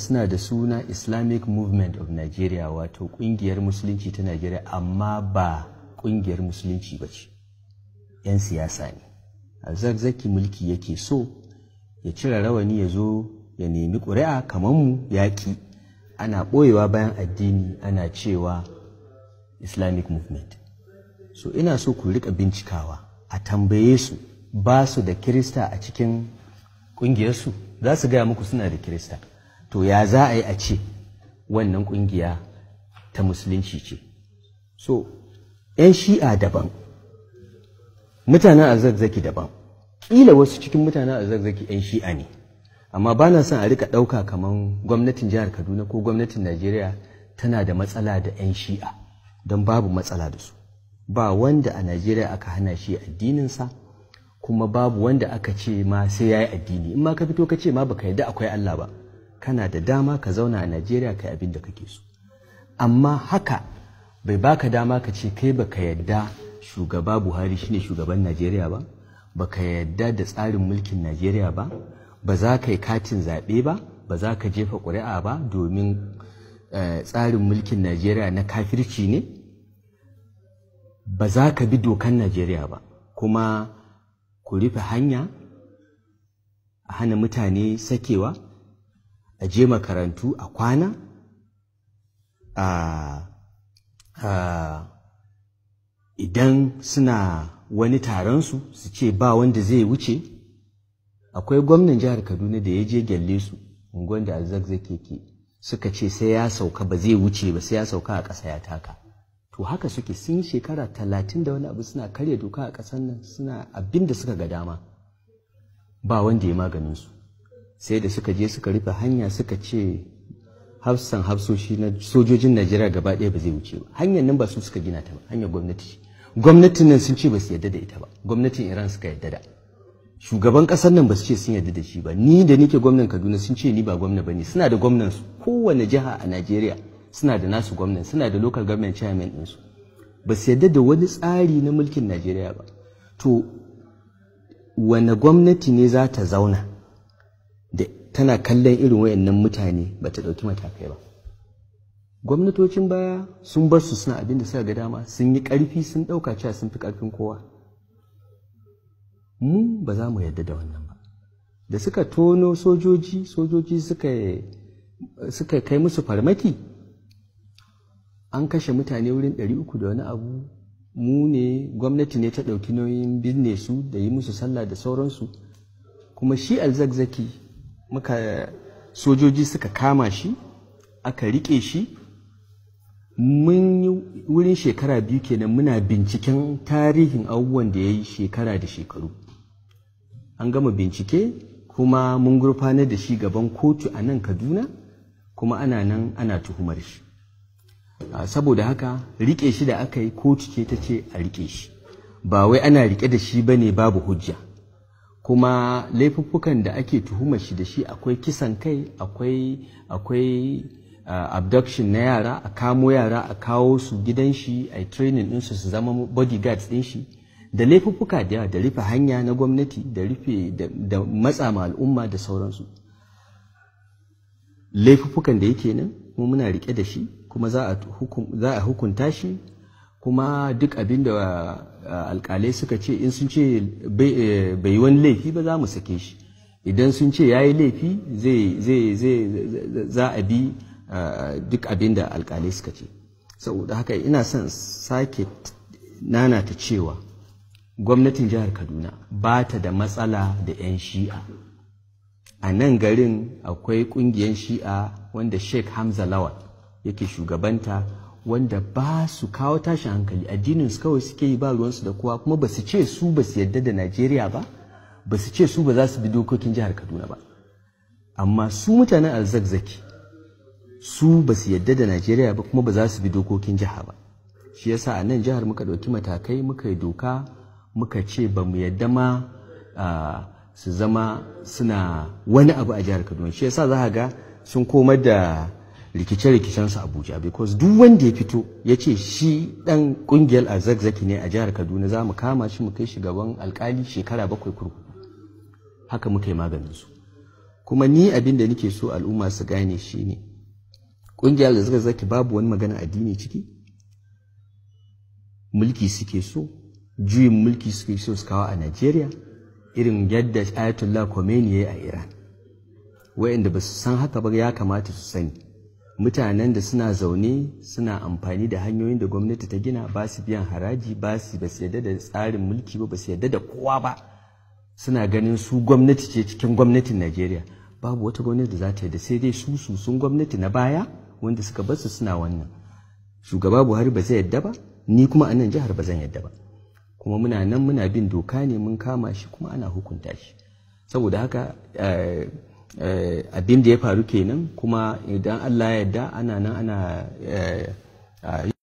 suna da suna islamic movement of nigeria wato kungiyar musulunci ta nigeria amma ba kungiyar musulunci ba ce 'yan siyasa ne a zarzaki mulki yake so ya cire rawani ya zo ya nemi ƙuri'a kamar mu yaƙi ana ɓoyewa bayan addini ana cewa islamic movement so ina so ku rika bincikawa a tambaye su ba su da kirista a cikin ƙungiyarsu za su gaya muku suna da kirista to ya za a yi a ce wannan ƙungiya ta musulunci ce so 'yan shi'a daban mutanen zazzaki daban ƙila wasu cikin mutanen zazzaki 'yan shi'a ne amma ba na son a rika ɗauka kamar gwamnatin jihar kaduna ko gwamnatin najeriya tana da matsala da 'yan shi'a don babu matsala da su ba wanda a najeriya aka hana shi addininsa kuma babu wanda aka ce ma sai ya yi addini in ma ka fito ka ce ma baka yarda akwai allah ba kana da dama ka zauna a najeriya kai abin da kake so amma haka bai baka dama ka ce kai baka yadda shugaba buhari shine shugaban najeriya ba baka yadda da tsarin mulkin najeriya ba ba za ka yi katin zaɓe ba ba za ka jefa ƙuri'a ba domin eh, tsarin mulkin najeriya na kafirci ne ba za ka bi dokan najeriya ba kuma ku rufe hanya a hana mutane sakewa a je makarantu a kwana idan suna wani taronsu su ce ba wanda zai wuce akwai gwamnan jihar kaduna da ya je gyalle su unguwan da azzakzake ke suka ce sai ya sauka ba zai wuce ba sai ya sauka a ƙasa ya taka to haka suke sun yi shekara talatin da wani abu suna karya doka a ƙasar nan suna abin da suka ga dama ba wanda ya maganin su sai da suka je suka rufe hanya suka ce hafsan hafsoshi na sojojin najeriya gaba ɗaya ba zai wuce ba hanyar nan ba su suka gina ta ba hanyar gwamnati gwamnatin nan sun ce ba su yarda da ita ba gwamnatin iran suka yarda da shugaban ƙasar nan ba su ce sun yarda da shi ba ni da nike gwamnan kaduna sun ce ni ba gwamna ba ne suna da gwamnan su kowane jiha a najeriya suna da nasu gwamnan suna da local government chairman ɗinsu ba su yarda da wani tsari na mulkin najeriya ba to wane gwamnati ne za ta zauna tana kallon irin wayannan mutane ba ta ɗauki matakai ba gwamnatocin baya sun bar su suna abin da suka ga dama sun yi ƙarfi sun ɗauka cewa sun fi ƙarfin kowa mu ba za mu yarda da wannan ba da suka tono sojoji sojoji suka kai musu farmaki an kashe mutane wurin ɗari uku da wani abu mu ne gwamnati ne ta ɗauki nauyin binne su da yi musu sallah da sauransu kuma shi alzakzaki muka sojoji suka kama shi aka rike shi mun yi wurin shekara biyu kenan muna binciken tarihin abubuwan da ya yi shekara da shekaru an gama bincike kuma mun gurfanar da shi gaban kotu a nan kaduna kuma ana nan ana tuhumar shi saboda haka rike shi da aka yi kotu ce ta ce a rike shi ba wai ana rike da shi ba ne babu hujja kuma laifuffukan da ake tuhumar shi da shi akwai kisan kai akwai akwai uh, abduction na yara a kamo yara a kawo su gidan shi a training ɗinsu su zama bodyguards din shi da laifuffuka da yawa da rufe hanya na gwamnati da rufe da matsa ma al'umma da sauransu laifuffukan da yake nan kuma muna rike da shi kuma za a hukunta shi kuma duk abin da eh, alkalai suka ce in sun ce bai eh, wani laifi ba za mu sake shi idan sun ce ya yi laifi za a bi eh, duk abin da alkalai suka ce saboda haka ina son sake nana ta cewa gwamnatin jihar kaduna ba ta da matsala da 'yan shi'a a nan garin akwai ƙungiyar shi'a wanda sheikh hamza lawal yake shugabanta wanda ba su kawo tashin hankali addinin su kawai suke yi ba ruwansu da kowa kuma ba su ce su ba su yadda da najeriya ba ba su ce su ba za su bi dokokin jihar kaduna ba amma su mutanen alzakzaki su ba su yadda da najeriya ba kuma ba za su bi dokokin jiha ba shi yasa a nan jihar muka ɗauki matakai muka yi doka muka ce ba mu yadda ma su zama suna wani abu a jihar kaduna shi yasa za ga sun komar da rikice su Abuja because duk wanda ya fito ya ce shi dan kungiyar azagzaki ne a jihar Kaduna za mu kama shi mu kai shi gaban alkali shekara bakwai kurkuku haka muka yi maganin su kuma ni abin da nake so al'umma su gane shi ne. kungiyar azagzaki babu wani magana addini ciki mulki suke so juyin mulki suke so su kawo a Najeriya irin yadda Ayatollah Khomeini ya yi a Iran wayanda ba su san haka ba ya kamata su sani mutanen da suna zaune suna amfani da hanyoyin da gwamnati ta gina ba su biyan haraji ba su ba su yadda da tsarin mulki ba ba su yadda da kowa ba suna ganin su gwamnati ce cikin gwamnatin Najeriya babu wata gwamnati da za ta yi da sai dai su su sun gwamnati na baya wanda suka basu suna wannan shugaba Buhari ba zai yadda ba ni kuma a nan jihar ba zan yadda ba kuma muna nan muna bin doka ne mun kama shi kuma ana hukunta shi saboda haka eh, Eh, abin da ya faru kenan kuma idan allah ya yarda ana nan ana eh,